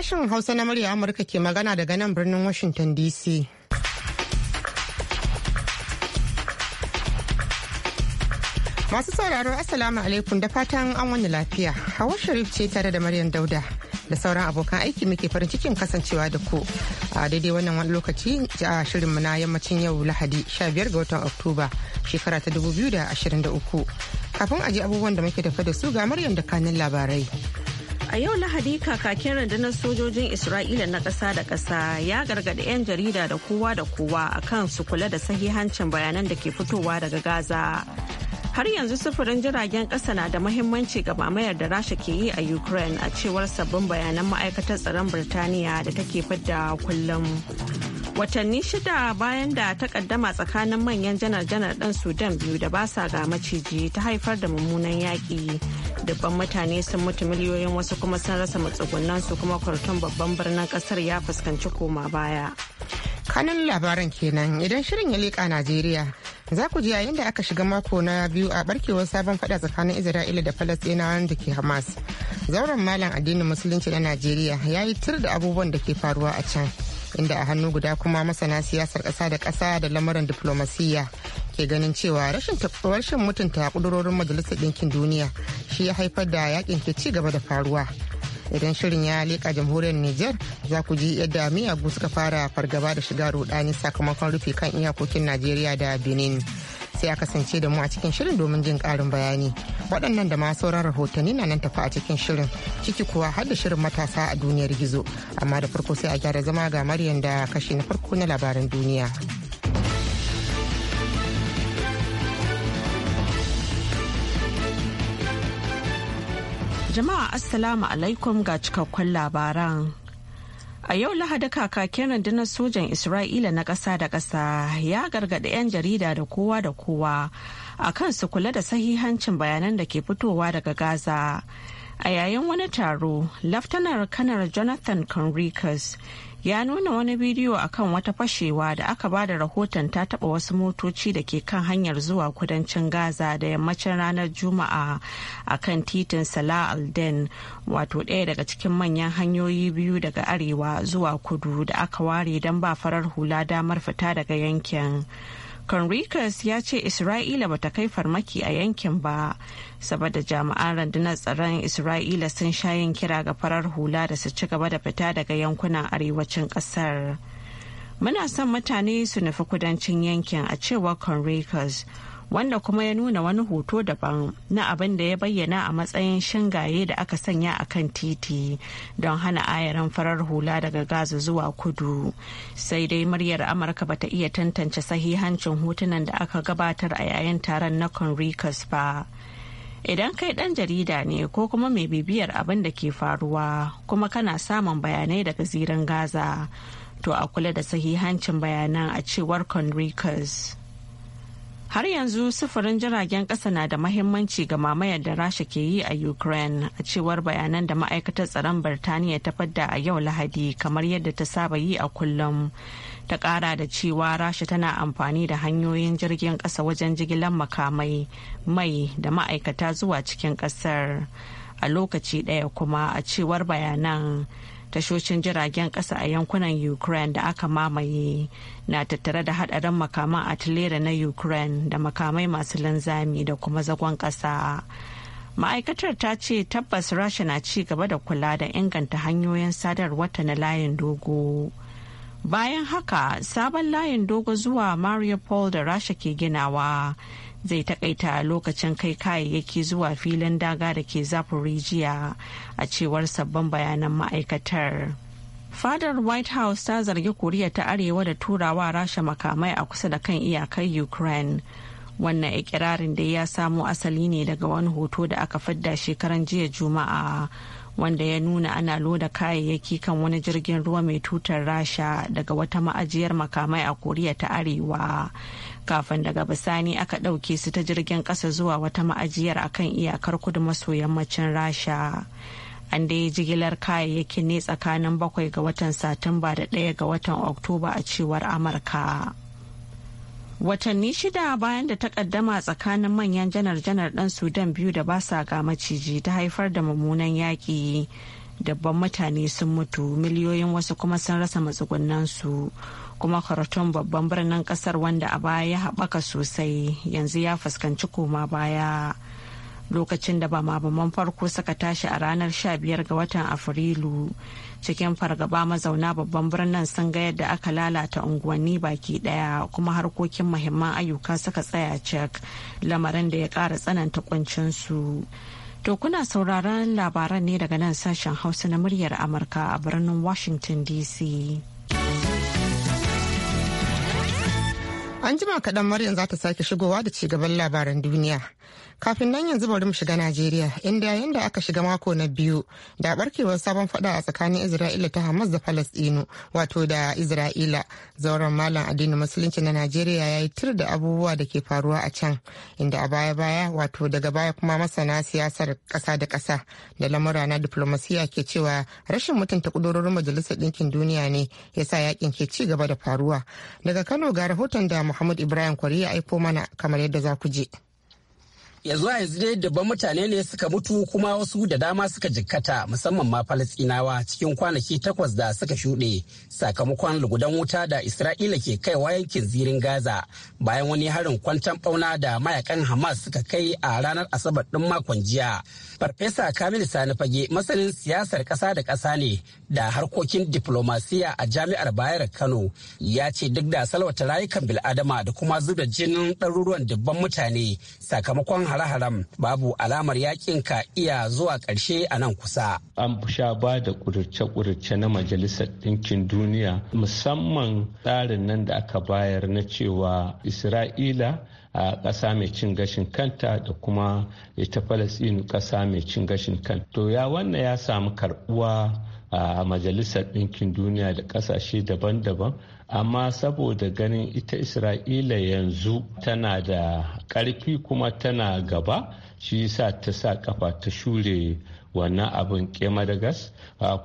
Sashen Hausa na murya Amurka ke magana daga nan birnin Washington DC. Masu sauraro Assalamu alaikum da fatan an wani lafiya. Hawa Sharif ce tare da Maryam Dauda da sauran abokan aiki muke farin cikin kasancewa da ku a daidai wannan wani lokaci a shirinmu na yammacin yau Lahadi 15 ga watan Oktoba shekara ta 2023. Kafin aji abubuwan da muke tafa da su ga Maryam da kanin labarai. A yau Lahadi kakakin rundunar sojojin Isra'ila na ƙasa da ƙasa ya gargaɗi 'yan jarida da kowa da kowa a kan su kula da sahihancin bayanan da ke fitowa daga Gaza. Har yanzu sufurin jiragen ƙasa na da mahimmanci ga mamayar da Rasha ke yi a Ukraine a cewar sabbin bayanan ma'aikatar tsaron Birtaniya da take fidda kullum. Watanni shida bayan da takaddama tsakanin manyan janar-janar ɗan Sudan biyu da basa ga maciji ta haifar da mummunan yaƙi. dubban mutane sun mutu miliyoyin wasu kuma sun rasa matsugunan su kuma kwarton babban birnin kasar ya fuskanci koma baya kanun labaran kenan idan shirin ya leƙa najeriya za ku ji yayin da aka shiga mako na biyu a barkewar sabon fada tsakanin isra'ila da falastinawan da ke hamas zauren malam addinin musulunci na najeriya ya yi tur da abubuwan da ke faruwa a can inda a hannu guda kuma masana siyasar ƙasa da ƙasa da lamarin diflomasiyya ke ganin cewa rashin rashin mutunta kudurorin majalisar ɗinkin duniya shi ya haifar da yakin ke ci gaba da faruwa idan shirin ya leƙa jamhuriyar niger za ku ji yadda miyagu suka fara fargaba da shiga rudani sakamakon rufe kan iyakokin najeriya da benin sai a kasance da mu a cikin shirin domin jin karin bayani waɗannan da ma sauran rahotanni na nan tafi a cikin shirin ciki kuwa har da shirin matasa a duniyar gizo amma da farko sai a gyara zama ga maryan da kashe na farko na labaran duniya jama'a assalamu alaikum ga cikakkun labaran A yau Lahadi kakakin rundunar sojan Isra'ila na ƙasa da ƙasa ya gargaɗi 'yan jarida da kowa da kowa a kan su kula da sahihancin bayanan da ke fitowa daga Gaza. A yayin wani taro, Laftanar Kanar Jonathan Conricus ya nuna wani bidiyo akan wata fashewa da aka ba da rahoton ta taba wasu motoci da ke kan hanyar zuwa kudancin gaza da yammacin ranar juma'a a kan titin salah alden wato ɗaya daga cikin manyan hanyoyi biyu daga arewa zuwa kudu da aka ware don ba farar hula damar fita daga yankin Conricus ya ce Isra'ila bata kai farmaki a yankin ba, saboda jami'an rundunar tsaron Isra'ila sun sha yin kira ga farar hula da su ci gaba da fita daga yankunan arewacin ƙasar. Muna son mutane su nufi kudancin yankin a cewar Conricus. wanda kuma ya nuna wani hoto daban na abin da ya bayyana a matsayin shingaye da aka sanya a kan titi don hana ayaran farar hula daga gaza zuwa kudu sai dai muryar amurka bata iya tantance sahihancin hotunan da aka gabatar a yayin taron na conricus ba idan kai dan jarida ne ko kuma mai bibiyar abin da ke faruwa kuma kana samun bayanai daga zirin gaza to a kula da sahihancin bayanan a cewar conricus har yanzu sufurin jiragen ƙasa na da mahimmanci ga mamayar da rasha ke yi a ukraine a cewar bayanan da ma'aikatar tsaron birtaniya ta fadda a yau lahadi kamar yadda ta saba yi a kullum ta ƙara da cewa rasha tana amfani da hanyoyin jirgin ƙasa wajen jigilar makamai mai da ma'aikata zuwa cikin ƙasar a lokaci ɗaya kuma a cewar bayanan tashoshin jiragen kasa a yankunan ukraine da aka mamaye na tattare da hadarin makaman atilera na ukraine da makamai masu linzami da kuma zagon kasa ma'aikatar ta ce tabbas rasha na ci gaba da kula da inganta hanyoyin sadarwata na layin dogo bayan haka sabon layin dogo zuwa mariupol da rasha ke ginawa zai takaita lokacin kai kayayyaki zuwa filin daga da ke zaporijiya a cewar sabbin bayanan ma'aikatar. fadar white house ta zargi koriya ta arewa da turawa rasha makamai a kusa da kan iyakar ukraine wannan ikirarin da ya samo asali ne daga wani hoto da aka fadda shekaran jiya juma'a wanda ya nuna ana loda kayayyaki kan wani jirgin ruwa mai tutar rasha daga wata ma'ajiyar makamai a koriya ta arewa kafin daga bisani aka ɗauke su ta jirgin ƙasa zuwa wata ma'ajiyar a kan iyakar kudu maso yammacin rasha an dai jigilar kayayyaki ne tsakanin bakwai ga watan satumba da ɗaya ga watan oktoba a cewar amurka watanni shida bayan da ta takaddama tsakanin manyan janar-janar dan sudan biyu da basa ga maciji ta haifar da mummunan yaƙi dabban mutane sun mutu miliyoyin wasu kuma sun rasa matsugunansu kuma karatun babban birnin kasar wanda a baya ya haɓaka sosai yanzu ya fuskanci koma baya lokacin da ba ma farko suka tashi a ranar 15 ga watan afrilu cikin fargaba mazauna babban birnin sun ga yadda aka lalata unguwanni baki daya kuma harkokin muhimman ayyuka suka tsaya cek lamarin da ya kara tsananta kuncinsu to kuna sauraron labaran ne daga nan sashen hausa na muryar amurka a birnin washington dc An jima kaɗan Maryam za ta sake shigowa da ci gaban labaran duniya. Kafin nan yanzu bari mu shiga Najeriya, inda yanda aka shiga mako na biyu da barkewar sabon fada a tsakanin Isra'ila ta Hamas da Falastinu, wato da Isra'ila. Zauren Malam addinin Musulunci na Najeriya ya yi tir da abubuwa da ke faruwa a can, inda a baya-baya wato daga baya kuma masana siyasar ƙasa da ƙasa da lamura na diplomasiya ke cewa rashin mutunta kudurorin Majalisar Ɗinkin Duniya ne yasa yakin ke ci gaba da faruwa. Daga Kano ga rahoton da Muhammad Ibrahim Kwari ya aiko mana kamar yadda za ku je. yanzu a yanzu dai dabban mutane ne suka mutu kuma wasu da dama suka jikkata musamman ma falastinawa cikin kwanaki takwas da suka shuɗe sakamakon lugudan wuta da isra'ila ke kaiwa yankin zirin gaza bayan wani harin kwantan bauna da mayakan hamas suka kai a ranar asabar ɗin makon jiya farfesa kamil sani fage masanin siyasar ƙasa da ƙasa ne da harkokin diplomasiya a jami'ar bayar kano ya ce duk da salwata rayukan bil'adama da kuma zuba jinin ɗaruruwan dubban mutane sakamakon haram babu alamar yakin ka iya zuwa karshe a nan kusa. An sha ba da kudurce-kudurce na Majalisar Ɗinkin Duniya musamman tsarin nan da aka bayar na cewa Isra'ila a ƙasa mai cin gashin kanta da kuma ita Falasɗinu ƙasa mai cin gashin kanta. To ya wannan ya samu karɓuwa a Majalisar Ɗinkin Duniya da ƙasashe daban-daban amma saboda ganin ita isra'ila yanzu tana da ƙarfi kuma tana gaba shi sa ta sa kafa ta shure wannan abin kema da gas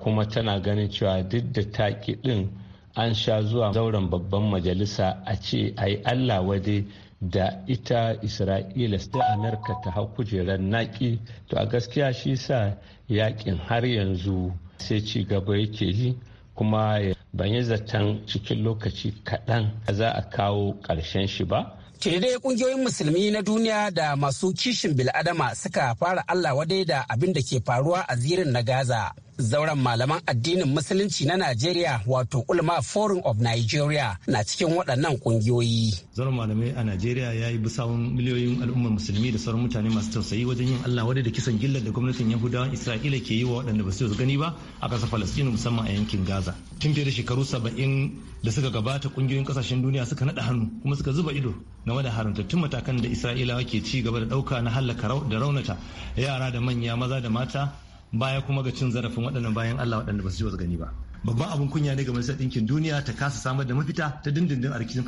kuma tana ganin cewa duk da taƙi ɗin an sha zuwa zauren babban majalisa a ce ai allah wade da ita isra'ila sai amurka ta hau kujerar naƙi to a gaskiya shi sa yakin har yanzu sai ci gaba yake yi kuma ban yi zaton cikin lokaci kaɗan za a kawo ƙarshen shi ba Tiridai dai kungiyoyin musulmi na duniya da masu kishin bil'adama suka fara Allah wadai da abin da ke faruwa a zirin na Gaza. Zauren malaman addinin Musulunci na Najeriya wato Ulma Forum of Nigeria na cikin waɗannan ƙungiyoyi. Zauren malamai a Najeriya ya yi bisawun miliyoyin al'ummar musulmi da sauran mutane masu tausayi wajen yin Allah wadda da kisan gillar da gwamnatin Yahudawan Isra'ila ke yi wa waɗanda ba su gani ba a ƙasar Falastinu musamman a yankin Gaza. Tun fiye da shekaru saba'in da suka gabata ƙungiyoyin ƙasashen duniya suka naɗa hannu kuma suka zuba ido game da haramtattun matakan da Isra'ilawa ke ci gaba da ɗauka na hallaka da raunata yara da manya maza da mata baya kuma ga cin zarafin waɗannan bayan Allah waɗanda ba su ji gani ba babban abin kunya ne ga majalisar ɗinkin duniya ta kasa samar da mafita ta dindindin a rikicin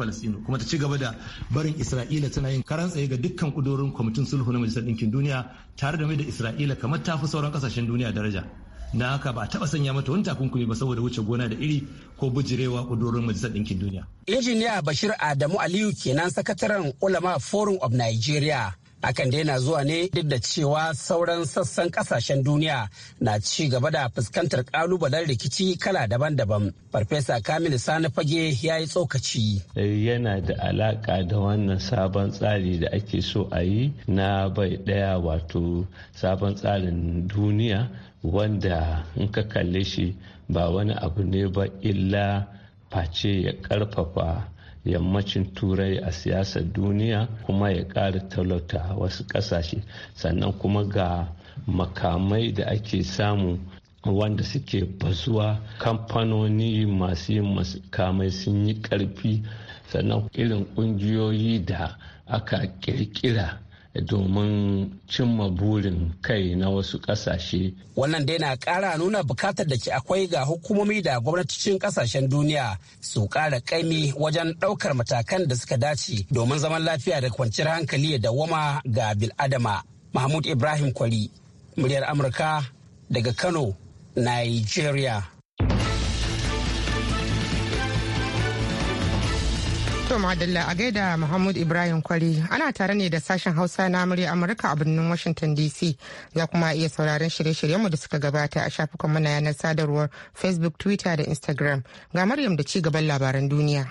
kuma ta ci gaba da barin isra'ila tana yin karan tsaye ga dukkan ƙudurorin kwamitin sulhu na majalisar ɗinkin duniya tare da mai da isra'ila kamar ta fi sauran kasashen duniya daraja na haka ba a taɓa sanya mata wani takunkumi ba saboda wuce gona da iri ko bujirewa ƙudurorin majalisar ɗinkin duniya. injiniya bashir adamu aliyu kenan sakataren ulama forum of nigeria Hakan dai na zuwa ne duk da cewa sauran sassan kasashen duniya na ci gaba da fuskantar kalubalen rikici kala daban-daban. Farfesa Kamil Sani Fage ya yi tsokaci. Eh, yana da alaka da wannan sabon tsari da ake so a yi na bai ɗaya wato sabon tsarin duniya wanda in ka kalle shi ba wani abu ne ba illa face ya ƙarfafa yammacin turai a siyasar duniya kuma ya ƙara talauta wasu ƙasashe sannan kuma ga makamai da ake samu wanda suke bazuwa kamfanoni masu yin makamai sun yi ƙarfi sannan irin ƙungiyoyi da aka ƙirƙira domin cimma burin kai na wasu kasashe. Wannan dai na ƙara nuna bukatar da ke akwai ga hukumomi da gwamnatocin kasashen duniya su kara ƙaimi wajen daukar matakan da suka dace domin zaman lafiya da kwanciyar hankali da dawwama ga bil'adama. Mahmud Ibrahim Kwari, muryar Amurka daga Kano, Nigeria. To Madalla a gaida Muhammad Ibrahim Kwari ana tare ne da sashen Hausa na murya Amurka a birnin Washington DC za kuma iya sauraron shirye-shiryenmu da suka gabata a shafukan mana yanar sadarwar Facebook, Twitter da Instagram. Ga Maryam da ci gaban labaran duniya.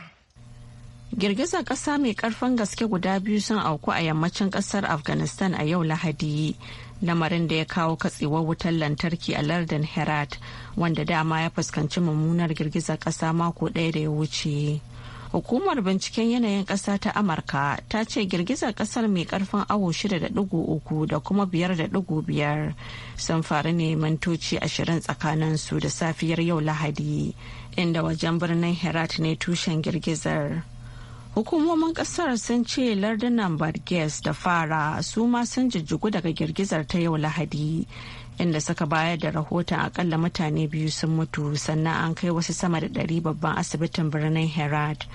Girgizar ƙasa mai karfin gaske guda biyu sun auku a yammacin ƙasar Afghanistan a yau Lahadi. lamarin da ya kawo katsewar wutar lantarki a lardin herat wanda dama ya fuskanci mummunar girgizar kasa mako ɗaya da ya wuce Hukumar binciken yanayin ƙasa ta Amurka ta ce girgizar ƙasar mai ƙarfin awo 6.3 da kuma 5.5 sun faru ne mintoci 20 su da safiyar yau Lahadi, inda wajen birnin Herat ne tushen girgizar. Hukumomin kasar sun ce lardunan Barges da fara su ma sun jijjigu daga girgizar ta yau Lahadi inda suka bayar da rahoton akalla mutane biyu sun mutu sannan an kai wasu sama da ɗari babban asibitin birnin herat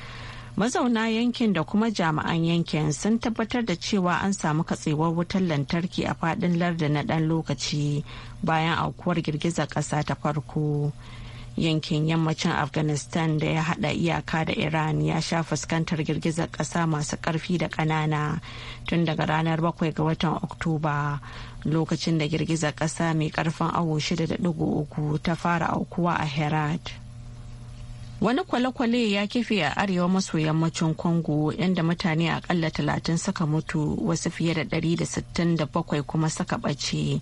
mazauna yankin da kuma jami'an yankin sun tabbatar da cewa an samu katsewar wutar lantarki a faɗin lardin na ɗan lokaci bayan aukuwar girgizar ƙasa ta farko yankin yammacin afghanistan da ya hada iyaka da iran ya sha fuskantar girgizar kasa masu karfi da kanana tun daga ranar 7 ga watan oktoba lokacin da girgizar kasa mai karfin awo 6.3 ta fara aukuwa a herat wani kwale-kwale ya kife a arewa maso yammacin congo inda mutane akalla talatin suka mutu wasu fiye da 167 kuma suka ɓace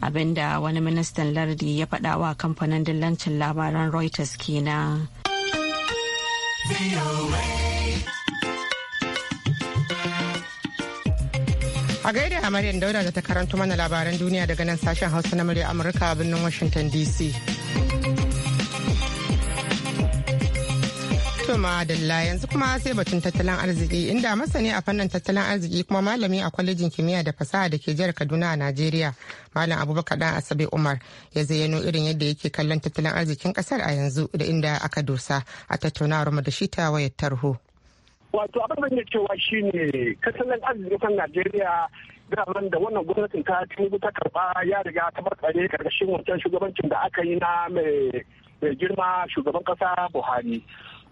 abinda wani ministan lardi ya faɗa wa kamfanin dillancin labaran reuters kenan. A gaida Amaryan Dauda da ta karanto mana labaran duniya daga nan sashen Hausa na murya Amurka a birnin Washington DC. la yanzu kuma sai batun tattalin arziki inda masani a fannin tattalin arziki kuma malami a kwalejin kimiyya da fasaha da ke jihar kaduna a najeriya malam abubakar dan asabe umar ya zayyano irin yadda yake kallon tattalin arzikin kasar a yanzu da inda aka dosa a tattaunawar mu da shi ta wayar tarho. wato abin da cewa ne tattalin arzikin najeriya daman da wannan gwamnatin ta tunubu ta karba ya riga ta barkare karkashin wancan shugabancin da aka yi na mai girma shugaban kasa buhari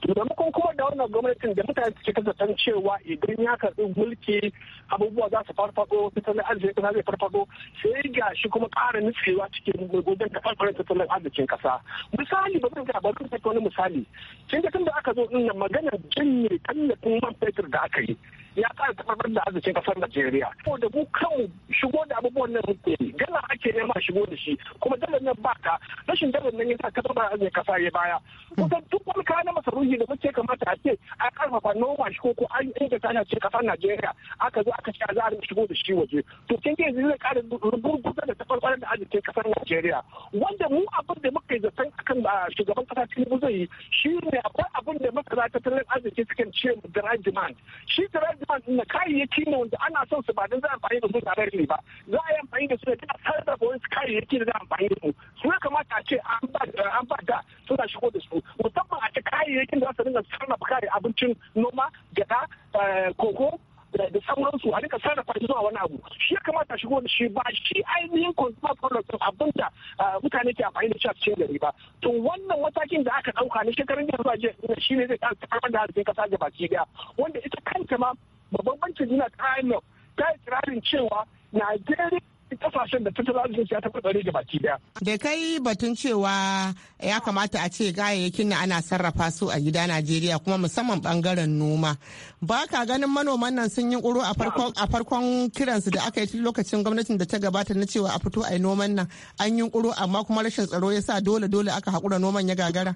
maimakon kuma da wannan gwamnatin da mutane suke kasatan cewa idan ya karɓi mulki abubuwa za su farfaɗo tattalin arzikin ƙasa zai farfaɗo sai ga shi kuma ƙara nutsewa cikin wajen da tattalin arzikin ƙasa misali ba zan ga ba zan wani misali tun da da aka zo ɗin nan maganar janye tallafin man fetur da aka yi ya ƙara tabbatar da arzikin kasar Najeriya. da mu kanmu shigo da abubuwan nan muke yi, gana ake nema shigo da shi, kuma dalar nan ba ka rashin dalar nan yasa a kasar arzikin kasa ya baya. Kusan duk wani kayan masarufi da muke kamata a ce a ƙarfafa noma shi ko ko an inganta ana ce kasar Najeriya aka zo aka ce a za a shigo da shi waje. To kin ke zai ƙara rugurguza da tabbatar da arzikin kasar Najeriya. Wanda mu abin da muka yi zaton akan ah, shugaban kasa Tinubu zai yi shi ne akwai abin da masana tattalin arziki sukan ce demand. Shi demand na kayayyaki ne wanda ana son su ba don za a amfani da su da ne ba za a yi amfani da su ne ta sarrafa wasu kayayyaki da za a amfani da su su ya kamata a ce an ba da suna shigo da su musamman a ce kayayyakin da za su dinga sarrafa kare abincin noma gada eh, koko da sauransu a rika sarrafa shi zuwa wani abu shi ya kamata shigo da shi ba shi ainihin consumer product abin da eh, mutane ke amfani da shi a cikin gari ba to wannan matakin da aka dauka ne shekarun da zuwa jiya shi ne zai ta da harshen kasa da baki daya wanda ita kanta ma babban bankin yana ta nan ta yi kirarin cewa najeriya kasashen da tattalin arziki ya taɓa da baki daya. Da kai batun cewa ya kamata a ce gayayyakin na ana sarrafa su a gida Najeriya kuma musamman bangaren noma. Ba ka ganin manoman nan sun yi ƙuro a farkon kiransu da aka yi lokacin gwamnatin da ta gabata na cewa a fito a yi noman nan an yi ƙuro amma kuma rashin tsaro ya sa dole dole aka haƙura noman ya gagara.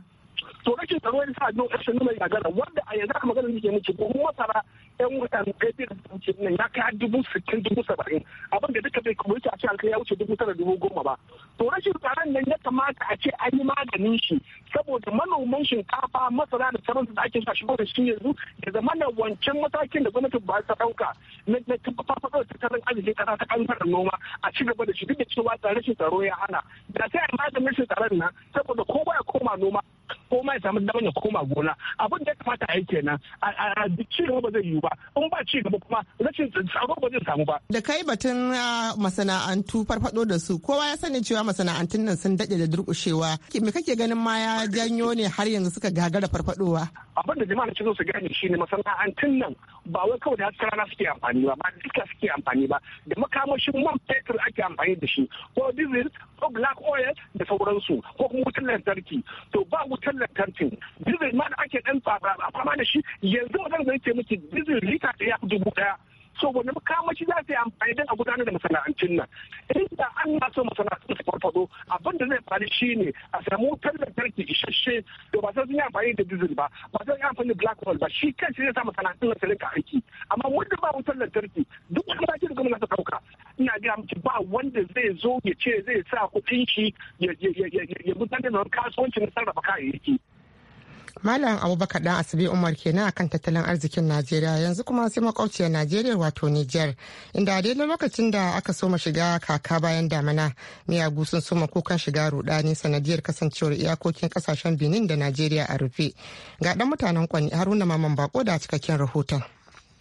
To rashin tsaro ya sa dole rashin noman ya gagara wanda a yanzu aka magana da ke muke ko masara yan wutan gaji da zuci nan ya kai dubu sittin dubu saba'in abin da duka bai wuce a ce an kai ya wuce dubu tara dubu goma ba to rashin tsaron nan ya kamata a ce an yi maganin shi saboda manoman shinkafa masara da sauran da ake sa shigo da shi yanzu da zama na wancan matakin da gwamnati ba ta dauka na farfaɗo tattalin arzikin ƙasa ta ɓangaren noma a ci gaba da shi duk da cewa rashin tsaro ya hana da sai a yi maganin shi tsaron nan saboda ko ya koma noma koma ya samu damar ya koma gona abin da ya kamata a yi kenan a ci ba zai yiwu ba ba in ba ci gaba kuma rashin tsaro ba zai samu ba da kai batun ah, masana'antu farfado da su kowa ya sani cewa masana'antun nan sun dade da durkushewa me kake ganin ma ya janyo ne har yanzu suka gagara farfadowa abin da jama'a cikin su gane shine masana'antun nan ba wai kawai da hasken rana suke amfani ba ba duka suke amfani ba da makamashin man fetur ake amfani da shi ko diesel ko black oil da sauransu ko kuma wutar lantarki to ba wutar lantarki diesel ma da ake dan fama da shi yanzu wannan zai ce miki diesel lita ɗaya fi dubu ɗaya so wani makamashi za su yi amfani don a gudanar da masana'antun nan inda an na so masana'antun su farfado abin da zai faru shi ne a samu wutar lantarki isasshe da ba sai sun yi amfani da diesel ba ba sun yi amfani da black hole ba shi shi zai sa masana'antun nan su rinka aiki amma wanda ba wutar lantarki duk wani mataki da gwamnati ta ɗauka ina ga miki ba wanda zai zo ya ce zai sa kuɗin shi ya gudanar da kasuwancin sarrafa kayayyaki Malam Abubakar Dan Asibi Umar kenan akan tattalin arzikin Najeriya yanzu kuma sai makwabciyar Najeriya wato Nijar inda a daidai lokacin da aka soma shiga kaka bayan damina miyagu sun soma kukan shiga rudani sanadiyar kasancewar iyakokin kasashen Benin da Najeriya a rufe. Ga dan mutanen kwani Haruna Maman Bako da cikakken rahoton.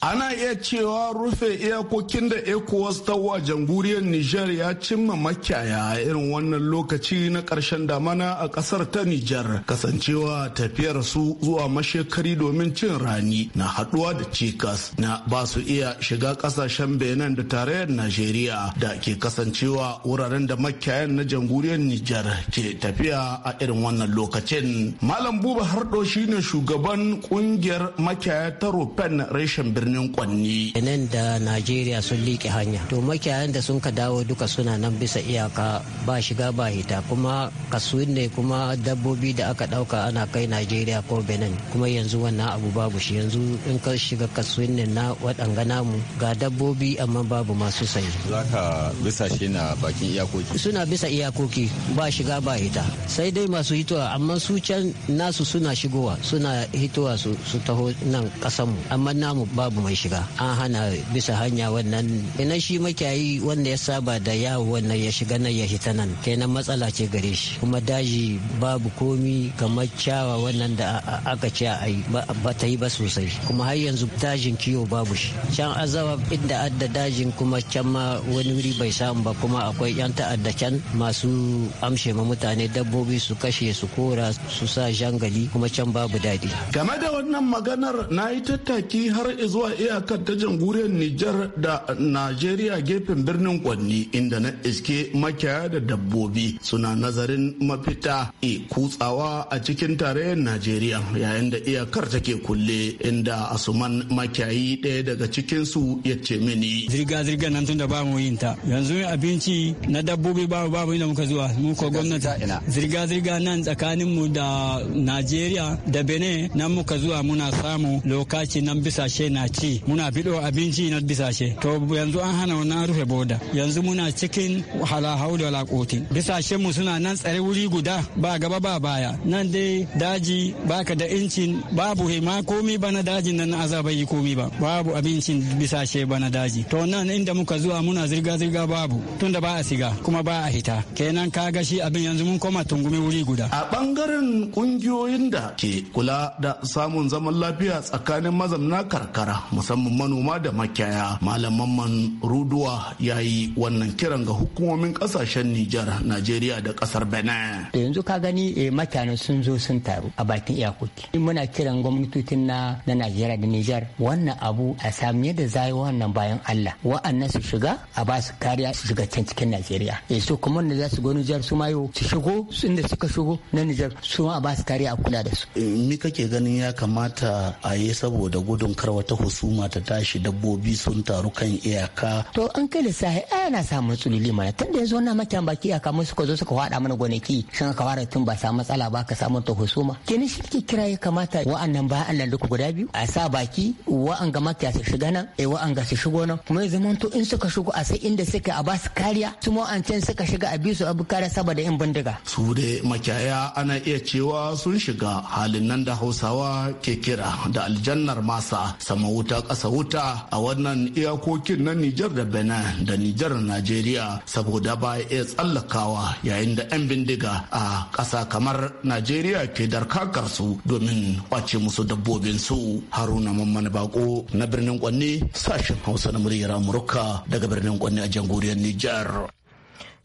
ana iya cewa rufe iyakokin da ecowas ta wa jamhuriyar niger ya cimma makiyaya irin wannan lokaci na ƙarshen damana a ƙasar ta niger kasancewa tafiyar su zuwa mashekari domin cin rani na haɗuwa da cikas na ba su iya shiga ƙasashen benin da tarayyar najeriya da ke kasancewa wuraren da makiyayan na jamhuriyar niger ke tafiya a irin wannan lokacin malam buba hardo shine shugaban ƙungiyar makiyaya ta rufen reshen birnin birnin Kwanni. nan da Najeriya sun liƙe hanya. To makiyayan da sun ka dawo duka suna nan bisa iyaka ba shiga ba hita kuma kasu ne kuma dabbobi da aka ɗauka ana kai Najeriya ko Benin kuma yanzu wannan abu babu shi yanzu in ka shiga kasu ne na waɗanga namu ga dabbobi amma babu masu sayi. Za ka bisa shi na bakin iyakoki. Suna bisa iyakoki ba shiga ba hita sai dai masu hitowa amma su can nasu suna shigowa suna hitowa su taho nan kasanmu amma namu babu babu mai shiga an hana bisa hanya wannan ina shi makiyayi wanda ya saba da yawo wannan ya shiga nan ya hita nan kenan matsala ce gare shi kuma daji babu komi kamar ciyawa wannan da aka ce a yi ba ta yi ba sosai kuma har yanzu dajin kiwo babu shi can azawa inda adda dajin kuma can ma wani wuri bai samu ba kuma akwai yan ta'adda can masu amshe ma mutane dabbobi su kashe su kora su sa jangali kuma can babu daɗi game da wannan maganar na yi tattaki har zuwa zuwa iyakar ta jamhuriyar Nijar da Najeriya gefen birnin Kwanni inda na iske makiyaya da dabbobi suna nazarin mafita e kutsawa a cikin tarayyar Najeriya yayin da iyakar take kulle inda asuman makiyayi ɗaya daga cikinsu ya ce mini. Zirga-zirga nan tun da ba mu yin ta yanzu abinci na dabbobi mu babu da muka zuwa mu ko gwamnati zirga-zirga nan tsakanin mu da Najeriya da Benin nan muka zuwa muna samu lokaci nan bisa she na ci muna bido abinci na bisashe to yanzu an hana wannan rufe boda yanzu muna cikin hala haula wala koti bisashen mu suna nan tsare wuri guda ba gaba ba baya nan dai daji baka da incin babu hima komi bana dajin nan azaba yi komi ba babu abincin bisashe ba daji to nan inda muka zuwa muna zirga zirga babu tunda ba a siga kuma ba a hita kenan ka ga shi abin yanzu mun koma tungumi wuri guda a bangaren kungiyoyin da ke kula da samun zaman lafiya tsakanin mazamna karkara musamman manoma da makiyaya malaman mamman ruduwa ya yi wannan kiran ga hukumomin kasashen nijar najeriya da kasar benin da yanzu ka gani eh, mutane sun zo sun taru a bakin iyakoki muna kiran gwamnatocin na na najeriya da nijar wannan abu a sami yadda zai wannan bayan allah wa'annan su shiga a ba su kariya su shiga can cikin najeriya e su kuma da za su go nijar su mayo su shigo inda suka shigo na nijar su ma a ba su kariya a kula da su eh, me kake ganin ya kamata a yi saboda gudun kar wata husuma ta tashi dabbobi sun taru kan iyaka. To an kai sahi ai ana samun tsulili mana tunda yanzu wannan makiyan baki iyaka mun suka zo suka faɗa mana gonaki sun ka fara tun ba samu matsala ba ka samu ta husuma. kini shi ke kira ya kamata wa'annan ba Allah duka guda biyu a sa baki wa'an ga makiya su shiga nan eh wa'an ga su shigo nan kuma ya zama in suka shigo a sai inda suke a ba su kariya su ma an can suka shiga a bi su abu kariya saboda yan bindiga. Su dai makiyaya ana iya cewa sun shiga halin nan da Hausawa ke kira da aljannar masa samawu wuta ƙasa wuta a wannan iyakokin na Nijar da Benin da Nijar Najeriya saboda ba iya tsallakawa yayin da 'yan bindiga a ƙasa kamar Najeriya ke darkakar su domin kwace musu dabbobin su Haruna Mamman Bako na birnin Kwanne sashen Hausa na muryar Amurka daga birnin Kwanne a jamhuriyar Nijar.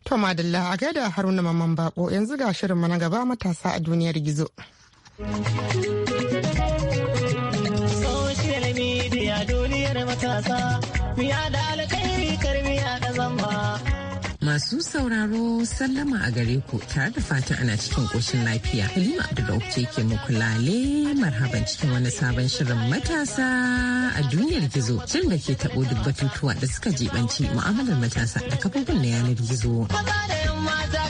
To madalla a gaida Haruna Mamman Bako yanzu ga shirin na gaba matasa a duniyar gizo. miya da zamba Masu sauraro sallama a gare ku tare da fata ana cikin ƙoshin lafiya. Halima Abdulrahman ce ke muku lale marhaban cikin wani sabon shirin matasa a duniyar gizo. Shirin da ke taɓo duk batutuwa da suka jibanci mu'amalar matasa da kafofin na yanar gizo. Maza da 'yan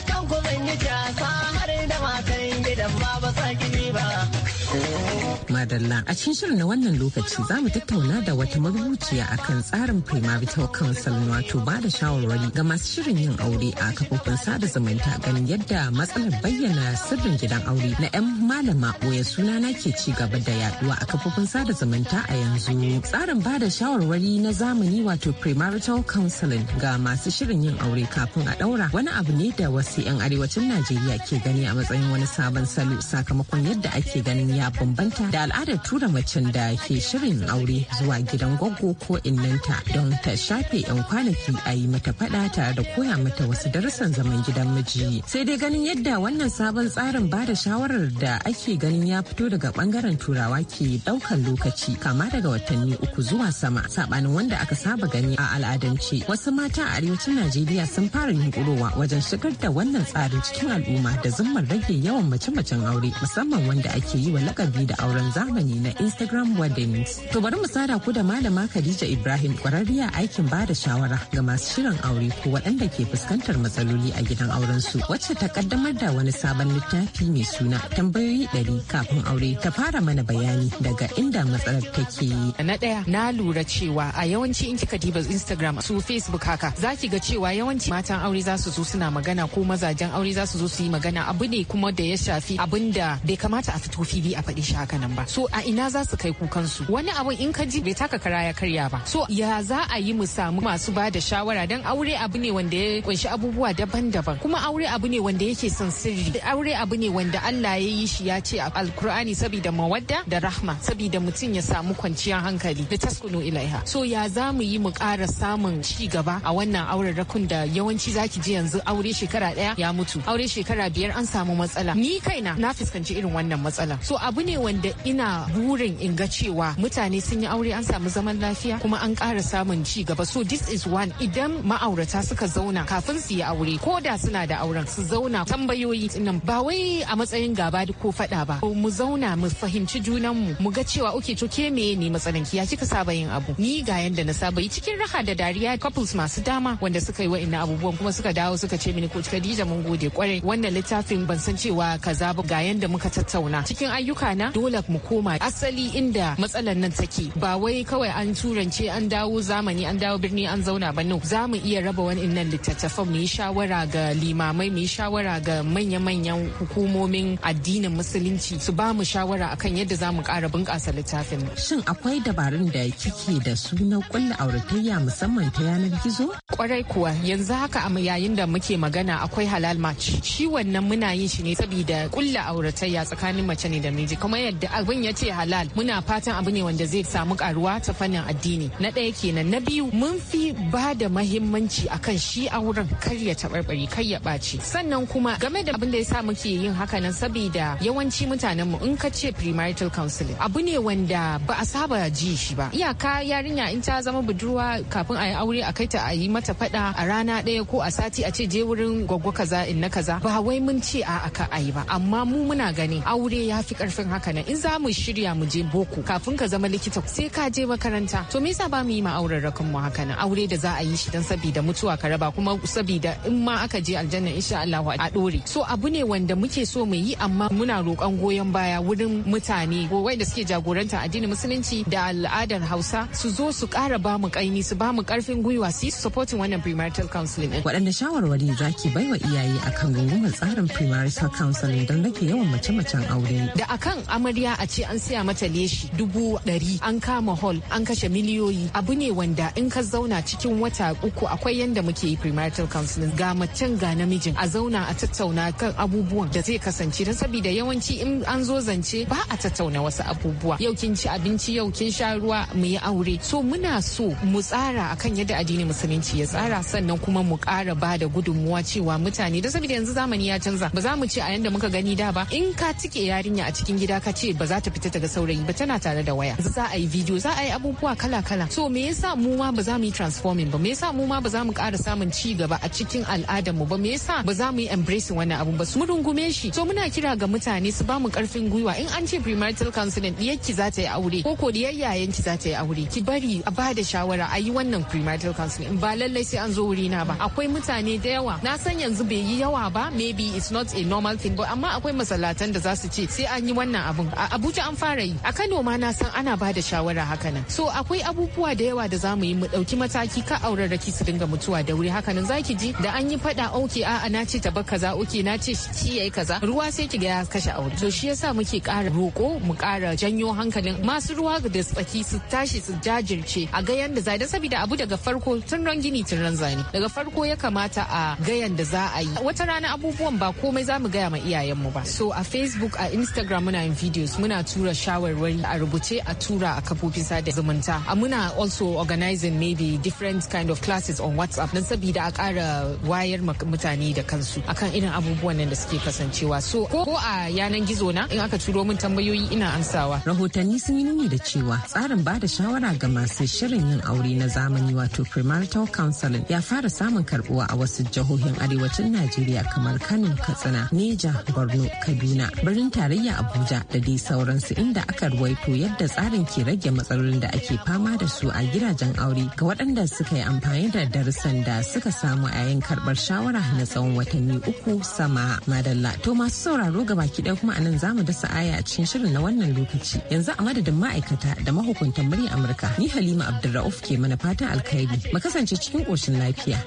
Madalla. A cikin shirin na wannan lokaci za mu tattauna da wata marubuciya a kan tsarin council counseling wato ba da shawarwari ga masu shirin yin aure a kafofin sada zumunta ganin yadda matsalar bayyana sirrin gidan aure na 'yan malama oya na ke ci gaba da yaduwa a kafofin sada zumunta a yanzu. Tsarin ba da shawarwari na zamani wato premarital counseling ga masu shirin yin aure kafin a daura wani abu ne da wasu 'yan arewacin Najeriya ke gani a matsayin wani sabon salo sakamakon yadda ake ganin ya bambanta da al'adar tura macen da ke shirin aure zuwa gidan goggo ko innanta don ta shafe 'yan kwanaki a yi mata fada tare da koya mata wasu darussan zaman gidan miji. Sai dai ganin yadda wannan sabon tsarin ba da shawarar da ake ganin ya fito daga bangaren turawa ke daukan lokaci kama daga watanni uku zuwa sama sabanin wanda aka saba gani a al'adance. Wasu mata a arewacin Najeriya sun fara yunkurowa wajen shigar da wannan tsarin cikin al'umma da zumar rage yawan mace-macen aure musamman wanda ake yi wa lakabi da auren zamani na Instagram weddings. To bari mu tsara ku da malama Khadija Ibrahim kwararriya aikin ba da shawara ga masu shirin aure ko waɗanda ke fuskantar matsaloli a gidan aurensu wacce ta kaddamar da wani sabon littafi mai suna tambayoyi ɗari kafin aure ta fara mana bayani daga inda matsalar take. yi. Na ɗaya na lura cewa a yawanci in kika diba Instagram su Facebook haka zaki ga cewa yawanci matan aure za su zo suna magana ko mazajen aure za su zo su yi magana abu ne kuma da ya shafi abin da bai kamata a fito fili a faɗi shi haka nan ba. so a ina za su kai kukansu wani abu in ka ji bai taka kara ya karya ba so ya za a yi mu samu masu ba da shawara dan aure abu ne wanda ya kunshi abubuwa daban-daban kuma aure abu ne wanda yake son sirri aure abu ne wanda Allah ya yi shi ya ce a alkur'ani saboda mawadda da rahma saboda mutum ya samu kwanciyar hankali da taskunu ilaiha so ya za mu yi mu ƙara samun ci gaba a wannan aurarrakun da yawanci zaki ji yanzu aure shekara ɗaya ya mutu aure shekara biyar an samu matsala ni kaina na fuskanci irin wannan matsala so abu ne wanda in ina burin in ga cewa mutane sun yi aure an samu zaman lafiya kuma an kara samun ci gaba so this is one idan ma'aurata suka zauna kafin su yi aure ko da suna da auren su zauna tambayoyi nan ba wai a matsayin gaba ko faɗa ba mu zauna mu fahimci junan mu mu ga cewa oke to ke meye ne matsalanki ya kika saba yin abu ni ga yanda na saba yi cikin raha da dariya couples masu dama wanda suka yi wa'annan abubuwan kuma suka dawo suka ce mini ko Khadija mun gode kwarai wannan littafin ban san cewa kaza ba ga yanda muka tattauna cikin ayyuka na dole mu koma asali inda matsalar nan take ba wai kawai an turance an dawo zamani an dawo birni an zauna ba no za mu iya raba wani nan littattafan mu yi shawara ga limamai mu yi shawara ga manya-manyan hukumomin addinin musulunci su ba mu shawara akan yadda za mu ƙara bunƙasa littafin. Shin akwai dabarun da kike da su na ƙulla auratayya musamman ta yanar gizo? Kwarai kuwa yanzu haka a yayin da muke magana akwai halal match shi wannan muna yin shi ne saboda ƙulla auratayya tsakanin mace ne da miji kuma yadda abin ya ce halal muna fatan abu ne wanda zai samu karuwa ta fannin addini na ɗaya kenan na biyu mun fi ba da mahimmanci akan shi a auren kar ya taɓarɓari kar ya ɓaci sannan kuma game da abin da ya sa muke yin haka nan saboda yawanci mutanen mu in ka ce premarital counseling abu ne wanda ba a saba ji shi ba iyaka yarinya in ta zama budurwa kafin a yi aure a kai ta a yi mata faɗa a rana ɗaya ko a sati a ce je wurin gwaggwa kaza in na kaza ba wai mun ce a aka a ba amma mu muna gani aure ya fi ƙarfin haka nan in za mu shirya mu je boko kafin ka zama likita sai ka je makaranta to me yasa ba mu yi ma auren rakan mu haka nan aure da za a yi shi dan sabida mutuwa ka raba kuma sabida in ma aka je aljanna insha Allah a dore so abu ne wanda muke so mu yi amma muna roƙon goyon baya wurin mutane ko da suke jagoranta addinin musulunci da al'adar Hausa su zo su ƙara ba mu su ba mu karfin gwiwa su yi supporting wannan premarital counseling din waɗanne shawarwari zaki baiwa iyaye akan gungumar tsarin premarital counseling don rage yawan mace-macen aure da akan amarya a ce an siya mata leshi dubu ɗari an kama hall an kashe miliyoyi abu ne wanda in ka zauna cikin wata uku akwai yanda muke yi premarital counseling ga macen ga namijin a zauna a tattauna kan abubuwan da zai kasance don saboda yawanci in an zo zance ba a tattauna wasu abubuwa yau kin ci abinci yau kin sha ruwa mu yi aure so muna so mu tsara akan yadda addinin musulunci ya tsara sannan kuma mu ƙara ba da gudunmuwa cewa mutane don saboda yanzu zamani ya canza ba za mu ce a yanda muka gani da ba in ka cike yarinya a cikin gida ka ce ba za ta fita daga saurayi ba tana tare da waya za a yi video za a yi abubuwa kala kala so me yasa mu ma ba za mu yi transforming ba me yasa mu ma ba za mu ƙara samun ci gaba a cikin al'adar mu ba me yasa ba za mu yi embracing wannan abu ba su mu rungume shi so muna kira ga mutane su ba mu karfin gwiwa in an ce premarital counseling ki za ta yi aure ko ko diyar yayanki za ta yi aure ki bari a ba da shawara a yi wannan premarital counseling ba lallai sai an zo wuri na ba akwai mutane da yawa na san yanzu bai yi yawa ba maybe it's not a normal thing ba amma akwai masallatan da za su ce sai an yi wannan abun Abuja an fara yi a Kano ma na san ana ba da shawara hakanan nan so akwai abubuwa da yawa da zamu yi mu dauki mataki ka auren raki su dinga mutuwa da wuri haka zaki ji da an yi fada oke a na ce ta kaza oke na ce shi yayi kaza ruwa sai ki ga ya kashe aure to shi yasa muke ƙara roko mu ƙara janyo hankalin masu ruwa da tsaki su tashi su jajirce a ga yanda za da saboda abu daga farko tun ran gini tun ran zane daga farko ya kamata a ga yanda za a yi wata rana abubuwan ba komai zamu gaya ma iyayen mu ba so a facebook a instagram muna yin videos muna muna tura shawarwari a rubuce a tura a kafofin sada zumunta a muna also organizing maybe different kind of classes on whatsapp don saboda a kara wayar mutane da kansu akan irin abubuwan nan da suke kasancewa so ko a yanan gizo na in aka turo min tambayoyi ina amsawa. rahotanni sun yi nuni da cewa tsarin ba da shawara ga masu shirin yin aure na zamani wato premarital counseling ya fara samun karbuwa a wasu jihohin arewacin najeriya kamar kano katsina neja borno kaduna birnin tarayya abuja da dai sauran sauransu inda aka ruwaito yadda tsarin ke rage matsalolin da ake fama da su a gidajen aure ga waɗanda suka yi amfani da darussan da suka samu a yayin karɓar shawara na tsawon watanni uku sama madalla. To masu sauraro ga baki ɗaya kuma anan zamu dasa aya a cikin shirin na wannan lokaci. Yanzu a madadin ma'aikata da mahukuntan muryar Amurka ni Halima Abdulrauf ke mana fatan alkhairi. Mu kasance cikin ƙoshin lafiya.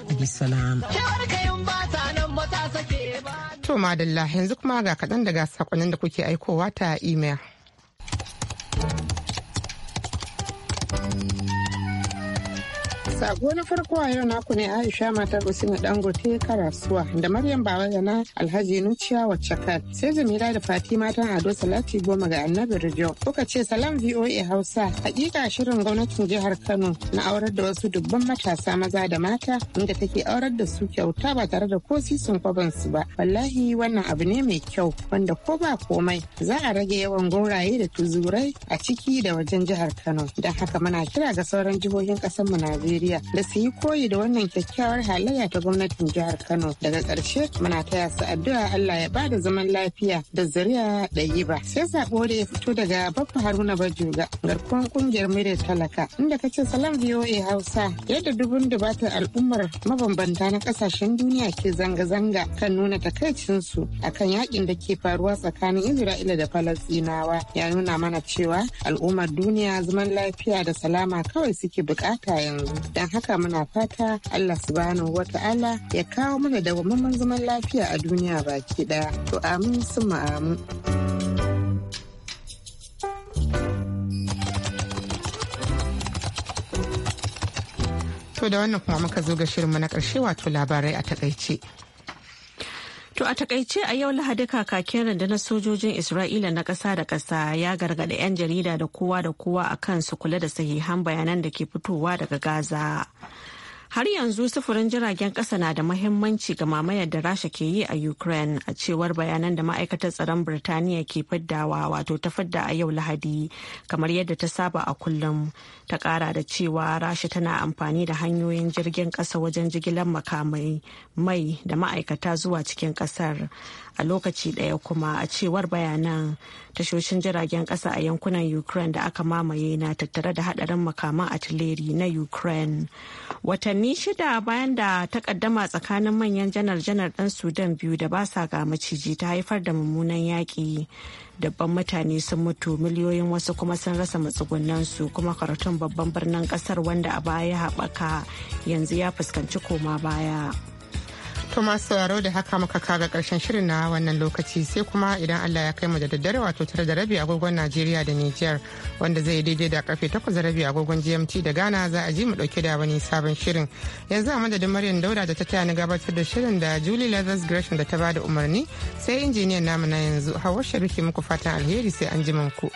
sake ba. To madalla yanzu kuma ga kaɗan daga sakonnin da kuke aikowa ta email. Sako na farko a yau naku ne Aisha matar Usman Dangote Karasuwa da Maryam da na Alhaji Nuciya Wacakal sai Jamila da Fatima ta Ado Salati Goma ga Annabi Rijo. Kuka ce salam VOA Hausa hakika shirin gwamnatin jihar Kano na aurar da wasu dubban matasa maza da mata inda take aurar da su kyauta ba tare da ko sisin kwaban su ba. Wallahi wannan abu ne mai kyau wanda ko ba komai za a rage yawan gauraye da tuzurai a ciki da wajen jihar Kano. Don haka muna kira ga sauran jihohin ƙasarmu Najeriya. lafiya da su yi koyi da wannan kyakkyawar halayya ta gwamnatin jihar Kano. Daga ƙarshe muna taya su addu'a Allah ya bada zaman lafiya da zuriya ɗayi ba. Sai sabo da ya fito daga Baffa Haruna Bajuga garkuwar kungiyar Mire Talaka inda ka ce salam VOA Hausa yadda dubun dubatar al'ummar mabambanta na ƙasashen duniya ke zanga-zanga kan nuna takaicinsu akan yakin da ke faruwa tsakanin Isra'ila da Falastinawa ya nuna mana cewa al'ummar duniya zaman lafiya da salama kawai suke bukata yanzu. don haka muna fata Allah subhanahu wa ta'ala ya kawo mana da dawwammamin zaman lafiya a duniya baki daya to amin sun amin. To da wannan kuma muka zo ga shirinmu na ƙarshe wato labarai a takaice. To a takaice a yau Lahadi kakakin rundunar sojojin Isra'ila na ƙasa da ƙasa ya gargada 'yan jarida da kowa da kowa a kan su kula da sahihan bayanan da ke fitowa daga Gaza. har yanzu sufurin jiragen kasa na da mahimmanci ga mamayar da rasha ke yi a ukraine a cewar bayanan da ma'aikatar tsaron birtaniya ke faddawa wato ta fadda a yau lahadi kamar yadda ta saba a kullum ta kara da cewa rasha tana amfani da hanyoyin jirgin kasa wajen jigilar makamai mai da ma'aikata zuwa cikin kasar a lokaci ɗaya kuma a cewar bayanan tashoshin jiragen ƙasa a yankunan ukraine da aka mamaye na tattare da haɗarin makaman atileri na ukraine watanni shida bayan da takaddama tsakanin manyan janar-janar ɗan sudan biyu da ba sa ga maciji ta haifar da mummunan yaƙi dabban mutane sun mutu miliyoyin wasu kuma sun rasa matsugunansu kuma karatun babban birnin ƙasar wanda a baya haɓaka yanzu ya fuskanci koma baya. tomas sauraro da haka muka kaga karshen shirin na wannan lokaci sai kuma idan Allah ya kai mu da daddare wato tare da rabi agogon Najeriya da Nijar wanda zai daidai da karfe 8 da rabi agogon GMT da Ghana za a ji mu dauke da wani sabon shirin. Yanzu a madadin Maryam Dauda da ta taya ni gabatar da shirin da Julie Lazarus Gresham da ta bada umarni sai injiniyan namu na yanzu Hawwa Sharifi muku fatan alheri sai an ji ku.